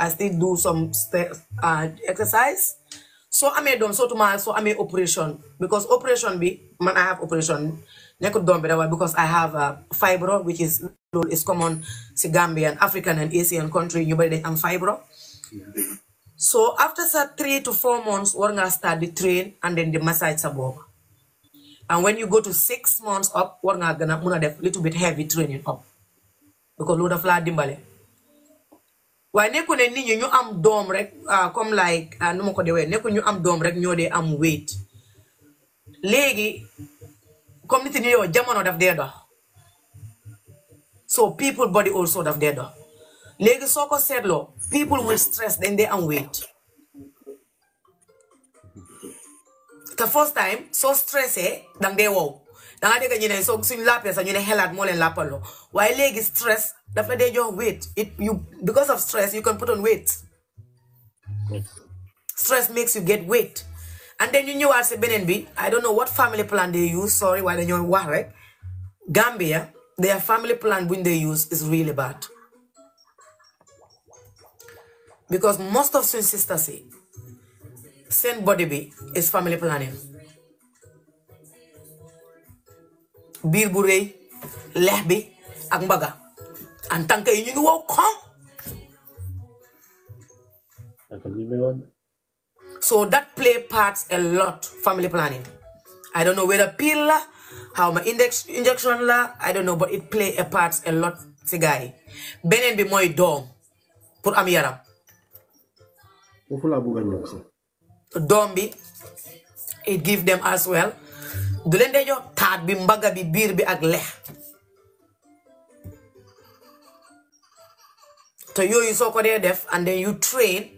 I still do some uh, exercise. soo so tomorrow. So I may operation because operation be man I have operation nekkul could bi better way because I have uh, fibro which is is common si Gambian African and Asian country you better dañ am fibro so after that, three to four months gonna start the train and then the massage above. and when you go to six months up war nga gonna mun a little bit heavy training up because load of laa dimbale waaye nekkul ne nit ñi ñu am doom rek ah, comme like ah, nu ma ko dee wee nekkul ñu am doom rek ñoo dee am wéet léegi comme nit ñi yow jamono daf dee dox so people body also daf dee dox léegi soo ko seetloo people will stress then they am weight the first time so stressé dang dee wow danga you ñu ne soo suñ làppee sax ñu ne xelaat moo leen làppaloo waaye léegi stress is stressed, definitely your weight it you because of stress you can put on weight stress makes you get weight and then you know as a BNB, I don't know what family plan they use sorry waaye dañoo wax worried, Gambia their family plan when they use is really bad because most of suñ sisters say, eh, same body be is family planning bu bi ak mbaga en tant que ñu ngi so that play parts a lot family planning I don't know whether pill la my index injection la I don't know but it play a part a lot si gars yi beneen bi mooy doom pour am yaram not bi it give them as well du leen dee jox taat bi mbaga bi biir bi ak lex te yooyu def and then you train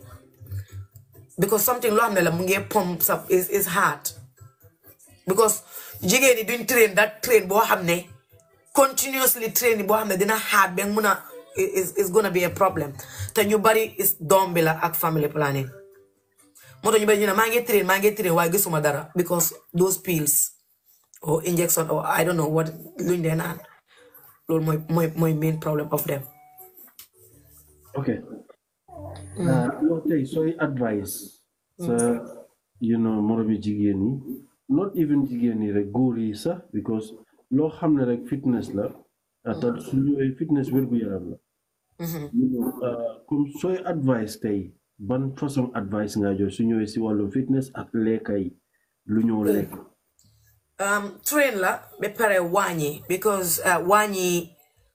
because something loo xam mungye la up sa is is hard because jigéen yi duñ train that train boo continuously train yi boo xam ne dina hard is is gonna be a problem te ñu bari is doom la ak family planning moo tax ñu bari ñu na maa train maa ngi train waaye gisuma dara because those pills o injection or I don't know what luñ dee naan loolu mooy mooy mooy main of them. ok. Mm. Ah, tey sooy advice. sa mm. you know moromi jigéen ñi not even jigéen ñi rek góor yi sax because loo xam ne rek fitness la. atal mm. su ñëwee fitness wér gu yaram la. Mm-hmm. Ah, comme sooy advice tey ban façon advice nga jox su ñëwee si wàllum fitness ak lekka yi lu ñëw lekk. um, train la be pare wàññi because uh,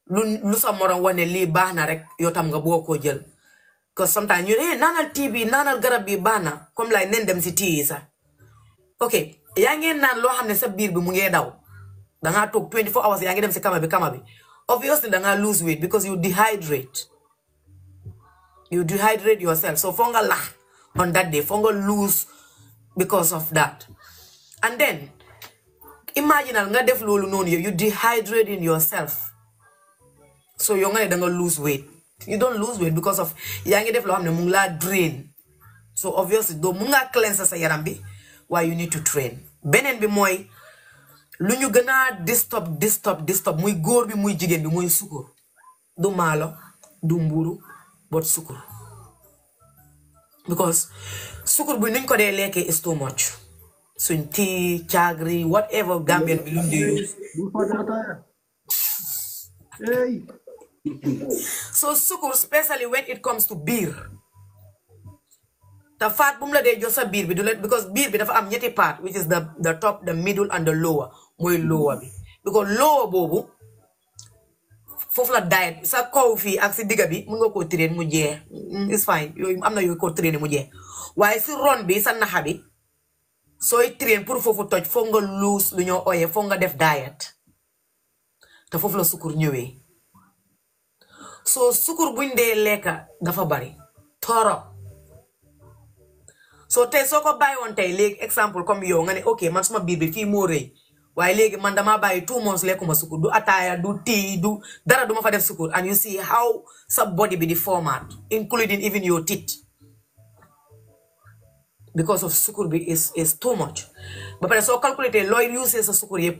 lu lu sa morom wane li bana rek yotam tam nga boo ko because sometimes you ne eh, nanal tv nanal naanal garab bi baax na comme lay nen ok yaa ngeen naan loo xam ne sa biir bi mu daw 24 hours yaa ngi dem si kama bi kama bi obviously dangaa lose weight because you dehydrate you dehydrate yourself so fonga la on that day fonga lose because of that and then imaginal nga def loolu noonu yooyu you dehydrating yourself so yow nga ne da nga lose weight you don't lose weight because of yaa ngi def loo xam ne mu laa drain so obviously doo mun ngaa cleanse sa yaram bi waaye you need to beneen bi mooy lu ñu gën a disturb disturb disturb muy góor bi muy jigéen bi muy sukur du maalo du mburu but sukur because sukur bu nuñ ko dee lekkee is too much suñ tea, chagri, whatever Gambian Belum they use. so sukur, especially when it comes to beer. The fat bum la day just a beer because biir bi dafa am ñetti part which is the the top the middle and the lower mooy lower bi because lower boobu foofu la diet sa kaw fii ak si digga bi mu nga ko train mu jeex it's fine yooyu am na yooyu ko train mu jeex waaye si ron bi sa naxa bi sooy train pour foofu toj foo nga luus lu ñoo ooyee foog nga def diet te foofu la sukur ñëwee soo sukur buñ dee lekka dafa bari torop soo tey soo ko bàyyi woon tey léegi exemple comme yow nga ne ok man suma biir kii fii moo rëy waaye léegi man damaa bàyyi two months lekkuma sukur du ataaya du tii du dara duma fa def sukkur and you see how sa body bi di format including even your teeth because of sukur bi is too much ba pare soo calculate looy use sa sukur yëpp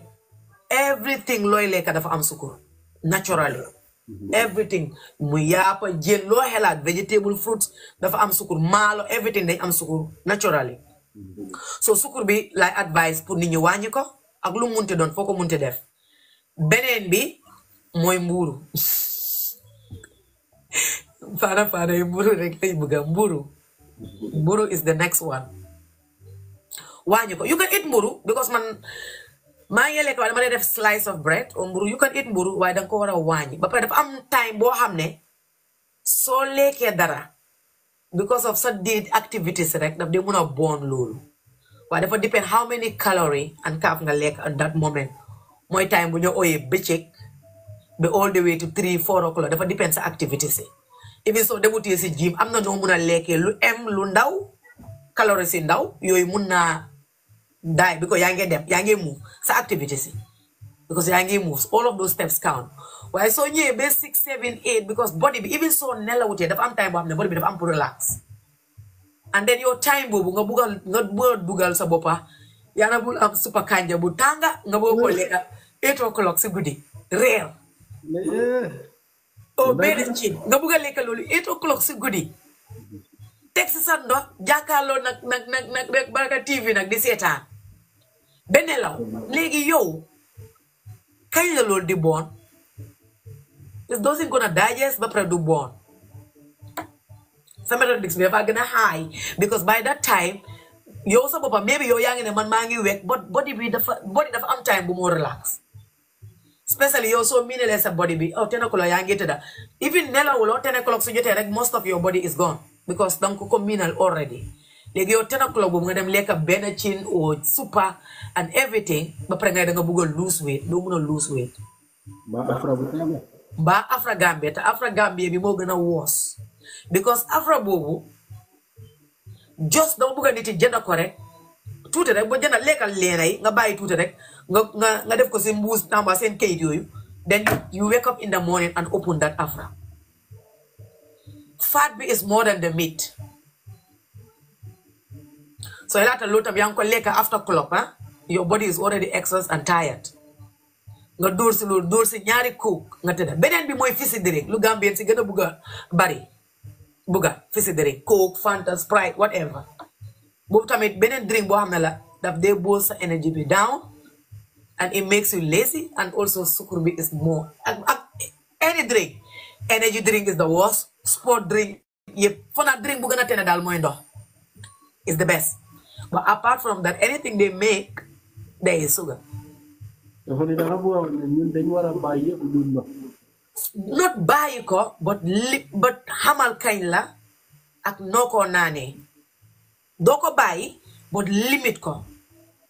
everything looy lekk dafa am sukur naturally mhm. everything mu yaapa jën loo xelaat vegetable fruits dafa am sukur maalo everything dañ am sukur naturally mhm. so sukur bi lay advice pour nit ñi wàññi ko ak lu munte doon foo ko munte def beneen bi mooy mbuuru faana faana yi mbuuru rek lay bëgga mbuuru muru is the next one you ko you can eat muru because man maa ngi lekk waaye dama def slice of bread o muru you can eat muru waaye danga ko war a wàññi ba pare dafa am time boo xam so soo dara because of sa diet activities rek daf they mun a bon loolu waaye dafa depend how many calorie and carb nga lekk at that moment mooy time bu ñu ooyee bëccëg ba all the way to three four o'clock dafa depend sa activities even soo demutee si jiim am na noo mun a lekkee lu em lu ndaw calorie si ndaw yooyu mun naa daay because yaa ngi dem yaa ngi move sa activité si because yaa ngi move all of those steps count waaye soo ñëwee ba six seven eight because body bi even soo nelawutee dafa am time boo xam ne body bi dafa am pour relax and then yow time boobu nga bugal nga bëgg bugal sa boppa yàlla bul am super kanja bu tànga nga bëgg ko lekka eight o'clock si guddi reer o oh, benn ci nga bugg a lekk loolu eight o'clock si guddi teg si sa ndox jàkkaarloo nag nag nag nag rek TV nag di seetaan benn law léegi yow kañ la loolu di bon it doesn't gonna digest ba pare du bon sa métadix bi dafa gën a high because by that time yow sa boppam maybe yow yaa ngi ne man maa ngi wekk body bi dafa body dafa am time bu moo relax especially yow soo miinalee sa body bi oh ten o'clock yaa ngi tëdda even nelawuloo ten o'clock su jotee rek most of your body is gone because danga ko ko miinal already léegi yow ten o'clock boobu nga dem lekka benn cin o super and everything da nga bëgg a lose weight doo mun a lose weight mbaa afra gambie te afra gambie bi moo gën a woos because afra boobu just dama bëgg a nit yi ko rek tuuti rek ba jënd lekkal leeray nga bàyyi tuuti rek nga nga nga def ko seen mbuus namba seen kayit then you wake up in the morning and open that afra fat bi is more than the meat so a lot of yaa ngi ko lekk after clock, ah your body is already excess and tired nga dóor si loolu dóor si ñaari kook nga tëdda beneen bi mooy fisi drink lu Gambien si gën a bugg a bari bugg fisi drink coke fanta sprite whatever boobu tamit beneen drink boo xam ne la daf dee bool down and it makes you lazy and also sukurmi is more any drink energy drink is the worst sport drink you fana drink bu gën gonna take a ndox is the best but apart from that anything they make there is sugar not buy ko but li but hamal kañ la ak noko nani? Doko buy, but limit ko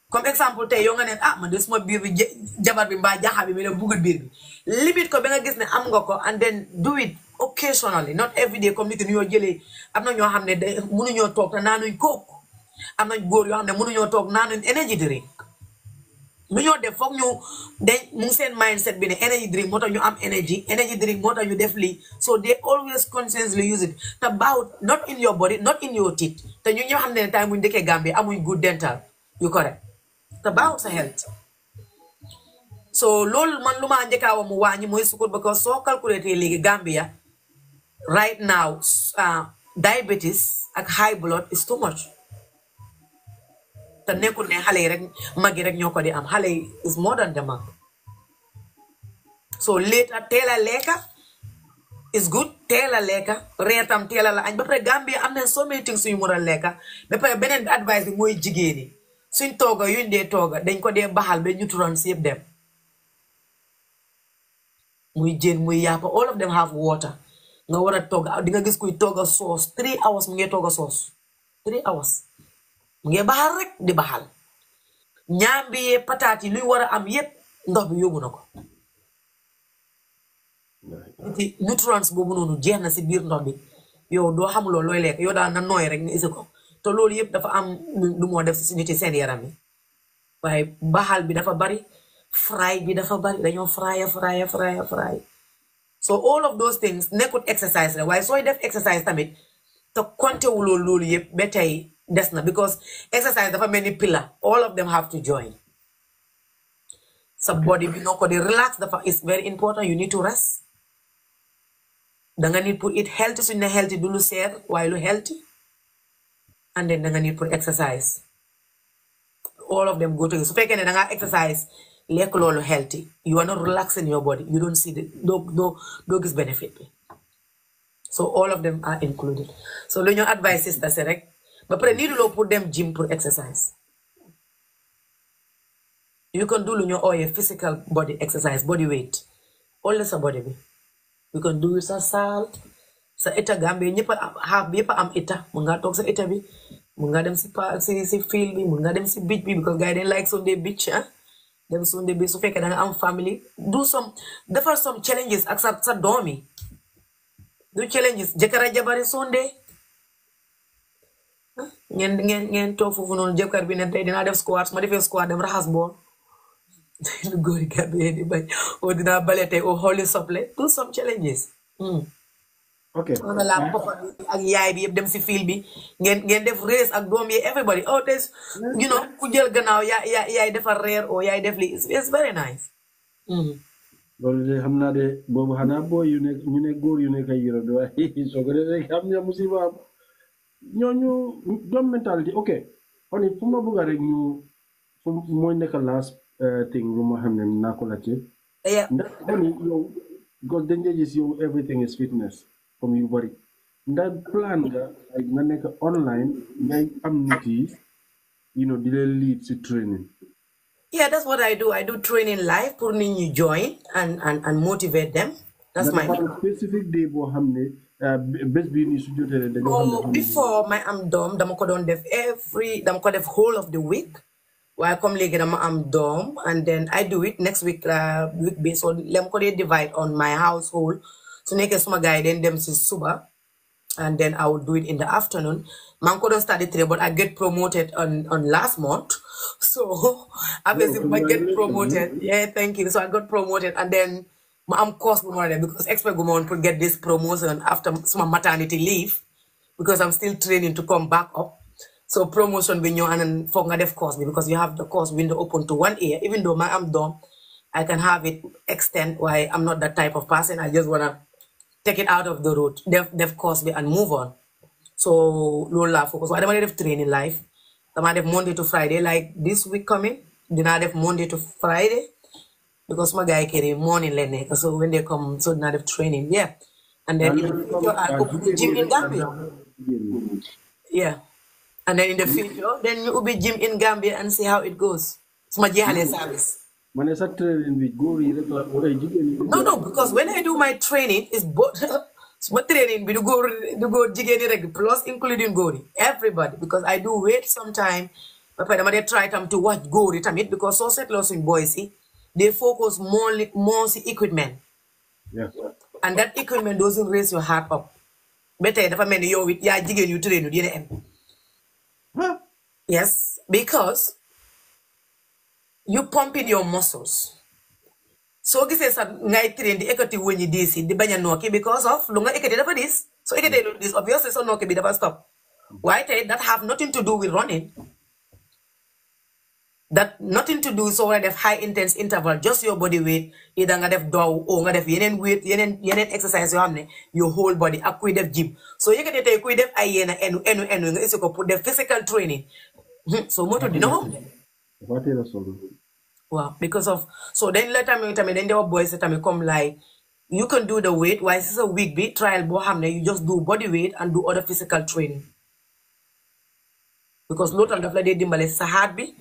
comme exemple tey yow nga neen ah man de suma biir bi jabar bi mbaa jaxa bi mi dem bugul biir limite ko ba nga gis ne am nga ko and then do it occasionally not every day comme nit ñi ñoo jëlee am na ñoo xam ne de mënuñoo toog te naanuñ kooku am nañ góor yoo xam ne mënuñoo toog naanuñ energy drink lu ñoo def foog ñu you, mu seen mindset bi ne energy drink moo tax ñu am energy energy drink moo tax ñu def so they always consciously use it te baaxut not in your body not in your teeth te ñu ñoo xam ne ne time bu ñu i Gambie amuñ good dental You correct te baaxul health so loolu man lu maa njëkkaawa mu wàññi mooy sukkur because soo calculé tey léegi Gambia right now ah, diabetes ak high blood is too much te nekkul ne xale yi rek mag yi rek ñoo ko di am xale yi is more than demand so late a a lekka is good teel lekka reetam teel la añ ba pare Gambia am na so many things suñu mën a lekka ba pare beneen bi advice bi mooy jigéen ñi suñ tooga yuñ dee tooga dañ ko dee baxal ba ñu turan si yëpp dem muy jën muy yàppa all of them have water nga war a tooga di nga gis kuy tooga soos three hours mu ngi tooga soos three hours mu ngi baxal rek di baxal ñaambi yee pataat yi luy war a am yëpp ndox bi yóbbu na ko nutrients boobu noonu jeex na si biir ndox bi yow doo xam loolu looy lekk yow daal na nooy rek nga isi ko te loolu yëpp dafa am lu moo def ñu ci seen yaram yi waaye baxal bi dafa bari fry bi dafa bari dañoo fry, fry, fry, fry. so all of those things nekkut exercise la waaye sooy def exercise tamit te compté wu loolu loolu yëpp ba tey na because exercise dafa many pillar all of them have to join sa body bi noo ko di relax dafa is very important you need to rest da nga nit pour it healthy suñ ne healthy du lu seer waaye lu healthy and then da nga need pour exercise all of them go to you su fekkee ne exercise lekk loolu healthy you are not relaxing your body you don't see the no no doo gis benefit so all of them are included so lu ñu advice sister si rek ba pare nii put pour dem gym pour exercise you can do lu ñu ooyee physical body exercise body weight all a body We you can do a salt sa état gambe ñëpp a bi am état mun ngaa sa état bi mun ngaa dem si pa si si feel bi mun dem si beach bi because gars yi dañ like Sunday beach ah dem Sunday bi su fekkee da nga am family do some defal some challenges ak sa sa domi do challenges jekara a jabari Sunday ah, ngeen ngeen ngeen toog foofu noonu jëkkër bi ne tey dina def squat ma def squat dem rahas bo lu gori yi Gambie di bañ dina balete bale holy oo do some challenges hmm. ok on a lap of bi ak yaay bi yëpp dem si fil bi ngeen ngeen def race ak doom yi everybody oh des hmm. you know ku jël gannaaw yaa yaa yaay defar reer oo oh, yaay def li it's very nice hmm. loolu de xam naa de boobu xanaa Bo. yu ne ñu ne góor yu ne ay do. waaye soo ko defee xam nga musiba am ñooñu doom mentality ok on fu ma bëgg rek ñu fu mooy nekk last eh, thing lu ma xam ne naa ko laajte. ndax yow because dañ lay gis everything is fitness. From yu body. That plan like ay nga online ngay am you know di leen lead to training yeah that's what I do I do training live pour you join and and and motivate them that's my specific day for Hamne. ne uh, bés bii nii su do the the. Oh, before my am doom dama ko doon def every dama ko whole of the week I come later, i am doom and then I do it next week uh, week based on. Let me divide on my household su nekkee suma gars yi den dem si suba and then I will do it in the afternoon Manko don't study today but I get promoted on on last month so obviously I get promoted yeah thank you so I got promoted and then i am course bu because expert woman ma get this promotion after some maternity leave because I'm still training to come back up so promotion when you and then foog def course because you have the course window open to one year even though i am done, I can have it extend why I'm not that type of person I just wanna take it out of the road, they've, they've caused me and move on. So Lola focus. I don't have training life. I might have Monday to Friday, like this week coming. Then I have Monday to Friday because my guy carry morning lene. So when they come, so then I have training. Yeah, and then and in the future gym in Gambia. Yeah, and then in the future, then you will be gym in Gambia and see how it goes. It's my yearly service. No, no, because when I do my training it's both my training bi go, góor go góor jigéen plus including góor everybody because I do wait sometime ba I dama dee try tam to watch góor yi tamit because soo set loss in Boise, they focus more more si equipment. and that equipment doesn't raise your heart up. ba tey dafa mel ni yow it yaa jigéen yu train yu yes because you pump in your muscles so soo gisee sax ngay train di ekkati wëñi diis yi the bañ no okay because of lu nga never this. So soo ekkatee do this, obviously soo nooki bi never stop Why tey that have nothing to do with running that nothing to do So when a high intense interval just your body weight either nga do, dow oo nga def yeneen weight yeneen yeneen exercise You xam ne your whole body ak kuy def gym soo you tey kuy def ay yéena enu enu enu nga isi ko pour def physical training hmm, so moto dina moom mm-hmm. What is the Well, because of so then later me I mean then there were boys that I come like you can do the weight while it's a week bit trial bohamne you just do body weight and do other physical training. Because lot and like they dimbal is hard bit,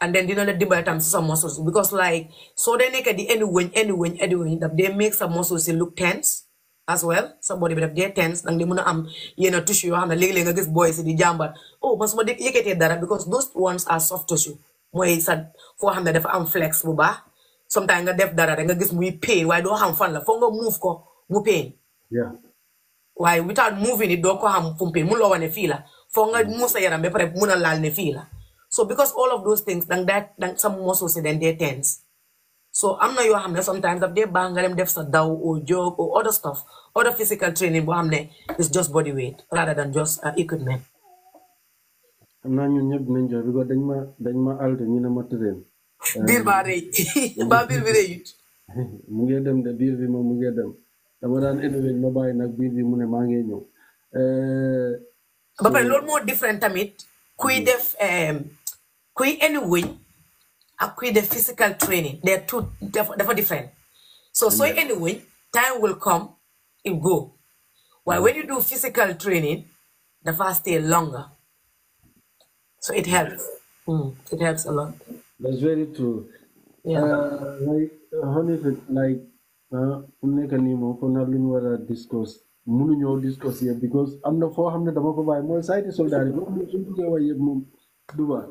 and then they don't let dimbal time some muscles because like so they make at the end when any when any when they make some muscles look tense as well somebody but def des tense then di mën a am yenn tissue yoo xam ne léeg-léeg nga gis boys si di jàmbat oh but su ma dégg yëkkatee dara because those ones are soft tissue mooy sa foo xam ne dafa am flex bu baax sometimes nga def dara rek nga gis muy pain waaye doo xam fan la foo nga move ko mu pain waaye without moving it doo ko xam fu mu pain mun loo wane fii la foo nga move sa yaram ba pare mun a laal ne fii la so because all of those things dang daa dang sa muscles si dañ dee tense so am na yoo xam ne sometimes daf dee baax nga dem def sa daw or jog or other stuff other physical training boo xam ne is just body weight rather than just uh, equipment but a ñun more dinañ bi ko dañ ma dañ ma alte ma tëreen rëy bi rëyut mu dem de bi mu dem dama daan élevé ma bi mu ne ñëw eh, ba pare different tamit kuy hmm. def kuy indi ak kuy def physical training they are two dafa different so hmm. so anyway, time will come it go Why? Hmm. when you do physical training the fast stay longer so it helps. Mm, it helps a lot. That's very true. Yeah. Uh, like, uh, honey, like, um uh, nekk nii moom foog naa lu ñu war a discuss mënuñoo discuss yëpp am na foo xam ne dama ko bàyyi mooy sayti soldaar yi moom suñ buggee wax yëpp moom du baax.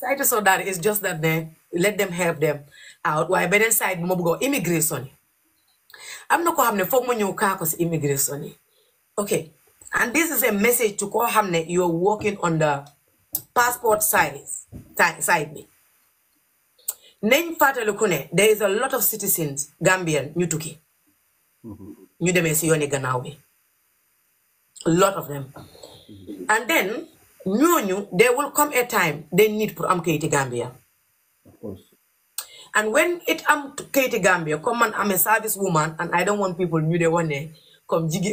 sayti soldaar is just that ne let them help them out waaye beneen side bi ma bëggoon immigration yi am na koo xam ne foog mu immigration ok and this is a message to koo xam you are working on the passport size, side me nañ fàttaliku ne there is a lot of citizens Gambian ñu New mm-hmm. ñu demee si yooni a lot of them mm-hmm. and then new. There will come a time they need i am kayiti Gambia and when it am kayiti Gambia come on. i am a service woman and I don't want people one de come comme jigi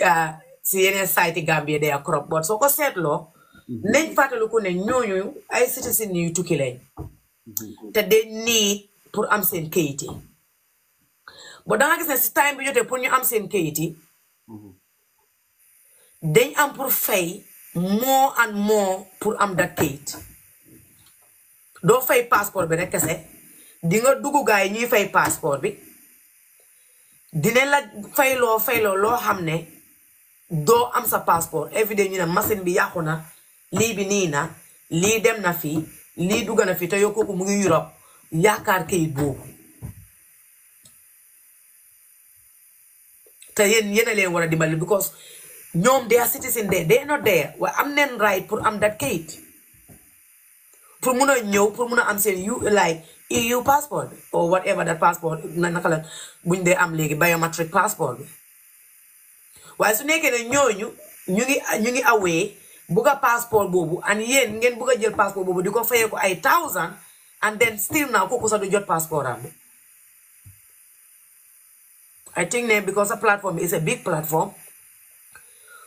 see ah, any site Gambia they are crop but soo ko seetloo Mhm. nañ ko ne ñooñu ay citizen yu tukki lañ mhm. te de need pour am seen kayit yi ba danga gis ne si time bi jotee pour ñu am seen kayit yi mhm. dañ am pour fay moo an moo pour am da kayit doo fay passeport bi rek kese di nga dugg gaay ñuy fay passeport bi dina la fayloo fayloo loo xam ne doo am sa passeport every day ñu ne machine bi yàqu na lii bi nii na lii dem na fii lii dugg na fii te yow kooku mu ngi Europe yaakaar kayit boobu te yéen yéen a leen war a dimbali because ñoom they are citizen de they not there waaye am neen right pour am dat kayit pour mun a ñëw pour mun a am seen yu like EU passport bi or whatever that passport na naka la buñ dee am léegi biometric passport bi waaye su nekkee ne ñooñu ñu ngi awee bëgg a passeport boobu and yéen ngeen bëgg a jël passeport boobu di ko fayee ko ay thousand and then still now kooku sax du jot passport am bi I think ne because a platform is a big platform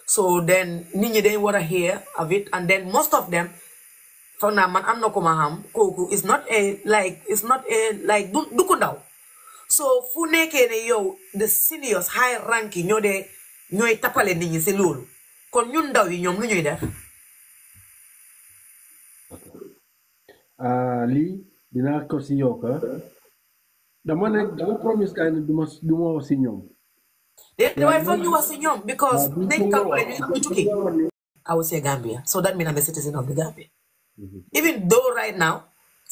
so then nit ñi dañ war a hear of it and then most of them foog now man am na ko ma xam kooku is not a like is not a like du du ko ndaw so fu nekkee ne yow the seniors high ranking yi ñoo dee ñooy tappale nit ñi si loolu kon ñun ndaw yi ñoom lu ñuy def. Ah, lii dinaa ko si yokk ah. dama ne dama promise kay ne du ma du wax si ñoom. déedéet waaye foog ni wax si ñoom because nañ calculate ñu tukki. I would say Gambia so that means I'm a citizen of the Gambia. Mm-hmm. even though right now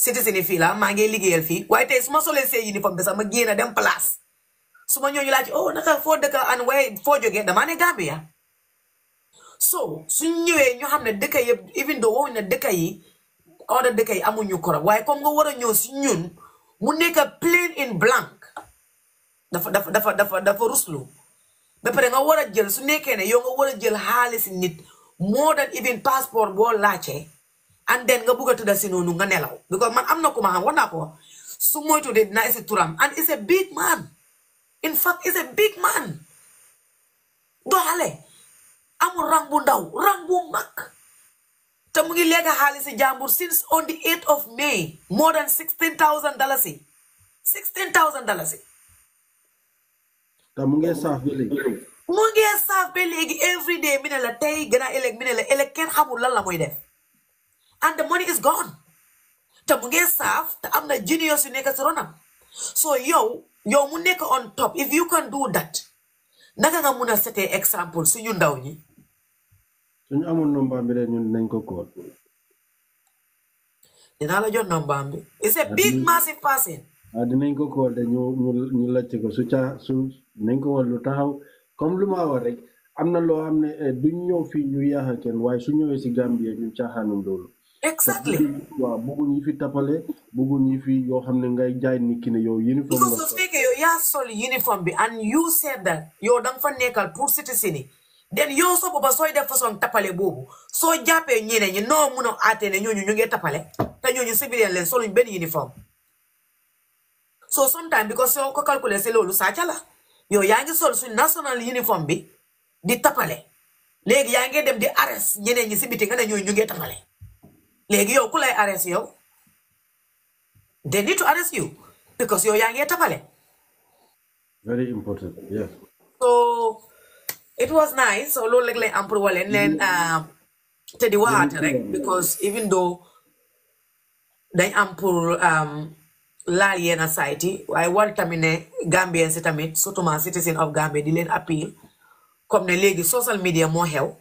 citizen yi fii la maa ngi liggéeyal fii waaye tey su ma solee see uniforme bi sax ma génn dem place su ma ñooñu laaj oh naka foo dëkk and waaye foo jógee damaa ne Gambia. soo suñ ñëwee ñu xam ne dëkk yëpp even though wowuñ ne dëkk yi order dëkk yi amuñu korab waaye comme nga war a ñëw si ñun mu nekk plain in blanc dafa dafa dafa dafa dafa ruslu ba pare nga war a jël su nekkee ne yow nga war a jël xaalis nit moo daan even passeport boo laajte and then nga bugg a si noonu nga nelaw because man am na ku ma xam war naa ko su moytu de dina isi turam and is a big man in fact is a big man doxale amul rang bu ndaw rang bu mag te mu ngi lekk xaalisi jàmbur since on the 8th of May more than 16000 dalasi 16000 mu ngi saaf ba léegi. mu every day mi la tey gën a ëllëg mi la ëllëg kenn xamul lan la mooy def and the money is gone te mu saaf te am na genius yu nekk si ronam so yow yow mu nekk on top if you can do that naka nga mun a setee exemple suñu ndaw ñi. suñu amul nombaam bi rek ñun nañ ko kóol. dinaa la jot nombaam bi. it's a ah, big massive passing. ah dinañ ko kóol de ñu ñu ñu ko su caa su nañ ko war lu taxaw comme lu ma wax rek am na loo xam ne eh, duñ ñëw fii ñu yaaxa kenn waaye su ñëwee si Gambie ñu caaxaanu loolu. exactly waaw bëgguñ yi fi tapale bëgguñ yi fi yoo xam ne ngay jaay nit ki ne yow uniforme la. su fekkee yow yaa sol uniforme bi and you said yow da fa nekkal pour citizen yi den yow soo booba sooy def façon tapale boobu soo jàppee ñeneen ñi noo mun a àttee ne ñooñu ñu ngi tapale te ñooñu civilian leen soluñ benn uniforme so sometimes because soo ko calculer si loolu sàcca la ñoo yaa ngi sol suñ national uniforme bi di tapale léegi yaa ngi dem di arrest ñeneen ñi si biti nga ne ñooñu ñu ngi tapale léegi yow ku lay arrest yow they need to arrest because yow yaa ngi tapale. very important yes. so. it was nice although like like amprowal um, and then um teddy wa hata because even though they am poor um laal in society, I want war tamit ne Gambien si tamit citizen of Gambia di leen appeal come the léegi social media more help.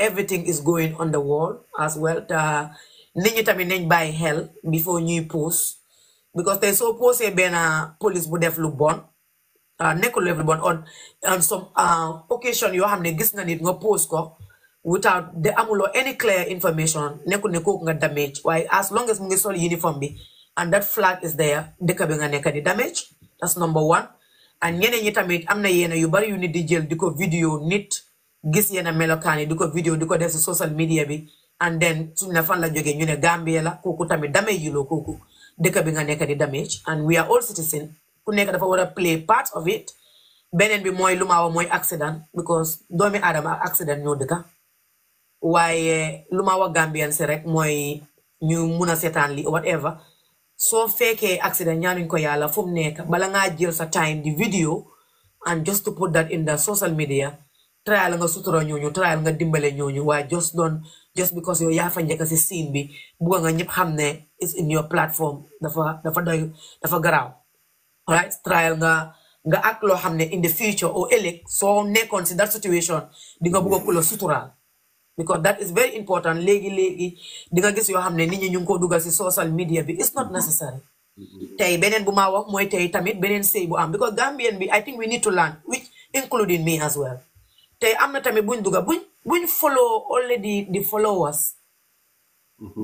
everything is going on the wall as well te nit ñi by nañ before new post because tey soo posté a police would def lu uh, ah, nekkul everyone on on some uh, occasion you have ne gis nga nit post ko without the amulo any clear information nekkul ne kooku nga damage Why, as long as mu ngi sol uniform be and that flag is there the bi neka nekk di damage that's number one and ñeneen ñi tamit am na yenn yu bari yu nit di jël di ko vidéo nit gis yenn melokaan yi di ko vidéo di ko def social media bi and then suñ ne fan la jógee ñu ne Gambia la kooku tamit damage yi loo The dëkk neka nga di damage and we are all citizens. ku nekk dafa war a play part of it beneen bi mooy lu ma wax mooy accident because doomi aadama ak accident ñoo dëkka waaye lu ma wax Gambien si rek mooy ñu mun a seetaan li whatever soo fekkee accident ñaanuñ ko yàlla fu mu nekk bala ngaa jël sa time di video and just to put that in the social media trial nga sutura ñooñu trial nga dimbale ñooñu waaye just doon just because yow yaa fa njëkk si scene bi bugga nga ñëpp xam ne is in your platform dafa dafa doy dafa garaaw right trial nga nga ak loo in the future or elek so ne si that situation di nga bëgg ku because that is very important Legi legi di nga gis yoo xam ne nit ñi ñu ko si social media bi it's not necessary. tey benen bu maa wax mooy tamit benen sëy bu am because Gambian bi I think we need to learn which including me as well tey amna na tamit buñ buñ buñ follow already the followers.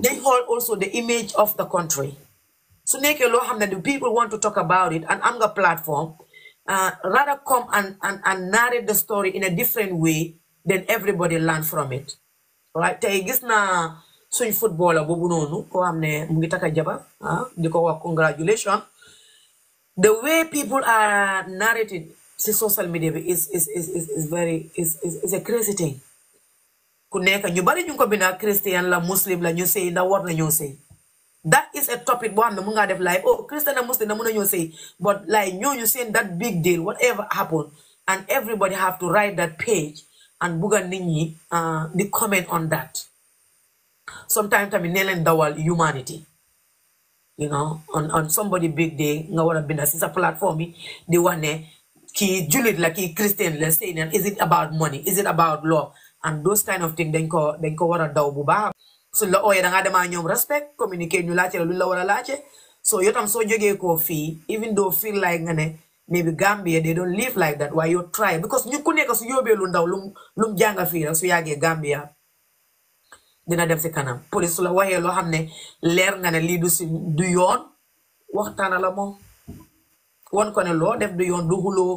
they hold also the image of the country. So make loo xam that the people want to talk about it and am nga platform uh, rather come and and and narrate the story in a different way then everybody learn from it right tey gis naa suñ footballer boobu noonu koo xam ne mu ngi taka jaba, ah, di ko wa congratulation the way people are narrated si social media bi is is is is very is is a crazy thing ku nekk ñu bari ñu ko bindaa ah, christian la muslim la ñu sëy ndax war nañoo sëy that is a topic one among ne mun like oh Christian and Muslim na mun a ñoo but like you, you seen that big deal whatever happen and everybody have to write that page and buganini uh the comment on that sometimes i mean nee leen world humanity you know on on somebody big day no what have been a sister platform me eh, di wax ne kii jullit like kii Christian Let's say, is it about money is it about law? and those kind of thing then call then ko war a daw suñ la ooyee da ngaa demaa ñoom respect ñu la war a laajte so yow soo jógee koo fii even though feel like nga ne maybe Gambia they don't live like that waaye yow try because ñu su yóobee lu ndaw lu mu jànga fii la su yàggee Gambia dina dem si kanam police su la waxee loo xam ne leer nga ne lii du si du yoon waxtaana la moom won ko ne loo def du yoon du xuloo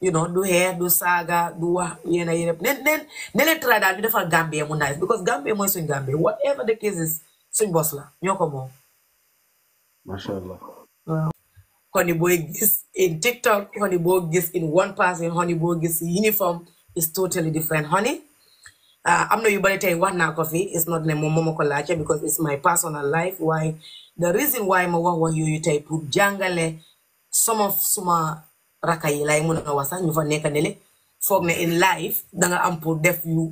you know do hair do saga do wax yéen a yéen ne Then, ne leen try that. ñu Gambia, Gambie mu nice because Gambie mooy in Gambia. whatever the case is suñ boss la ñoo ko moom. honey boy, gis in TikTok honey boy, gis in one person honey boy, gis uniform is totally different honey. i uh, am not yu bari tell you naa now coffee. it's not the momo moo because it's my personal life Why? the reason why my one wax you take put jàngale some of suma. raka yi lay mën a wax sax ñu fa nekk nele foog ne in life danga am pour def yu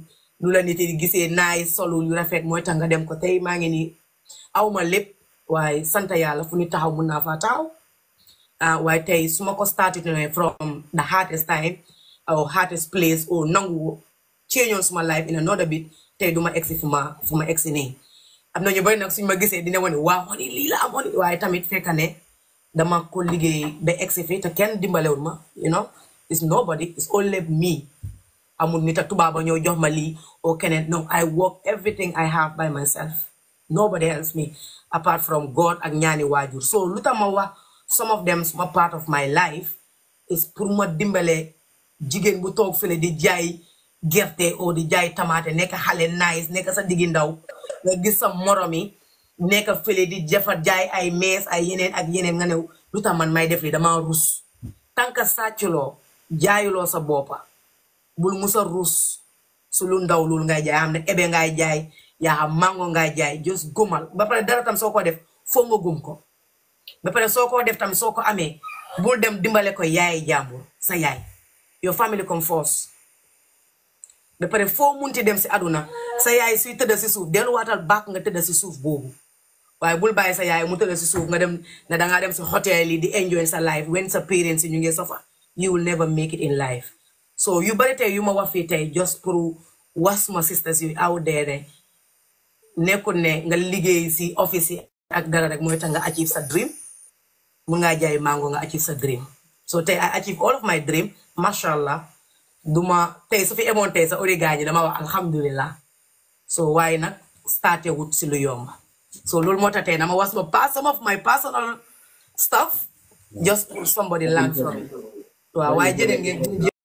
lu la nit yi gisee naay solu yu rafet mooy tax nga dem ko tey maa ngi nii awma lépp waaye sant yàlla fu ñu taxaw mun naa faa taxaw ah, waaye tey su ma ko started from the hardest time or hardest place or nangu change suma life in another bit tey du ma egsi fu ma fu ma egsi nii am na ñu bari nag suñ ma gisee dina wane waaw xoni lii la am waaye tamit fekk ne dama ko liggéey ba egsi fii te kenn dimbalewul ma you know it's nobody it's only me amul nit ak tubaaba ñëw jox ma lii oo keneen no I work everything I have by myself nobody helps me apart from God ak ñaani waajur so lu tax ma wax some of suma part of my life is pour ma dimbale jigéen bu toog fële di jaay gerte oo di jaay tamaate nekk xale nice nekk sa diggi ndaw nga gis sa moromi nekk fële di jafar jaay ay mees ay yeneen ak yeneen nga ne lu tax man may def li dama ruus tant que sàcculoo jaayuloo sa boppa bul musa ruus su lu ndaw loolu nga jaay ne ebe ngay jaay yaa xam mango ngay jaay jos gumal ba pare dara tam soo ko def foo nga gum ko ba pare soo ko def tam soo ko amee bul dem dimbale ko yaay jàmbur sa yaay yow family comme force ba pare foo munti dem si aduna sa yaay suy tëdd si suuf delluwaatal baak nga tëdd si suuf boobu waaye bul bàyyi sa yaay mu tëdd si suuf nga dem ne dem si hôtel yi di enjoy sa life when sa parents si ñu ngi suffer you will never make it in life so yu bari tey yu ma wax fii tey just pour was ma sisters yu out there ne nga liggéey si office ak dara rek mooy tax nga achieve sa dream ngaa jaay mango nga achieve sa dream so tey I achieve all of my dream masha allah duma tey su fi emoon tey sa origaañi dama wax alhamdulillah so waaye nag starté wut si lu yomb So a little more time. I was gonna pass some of my personal stuff, just somebody learn from it. So I why didn't get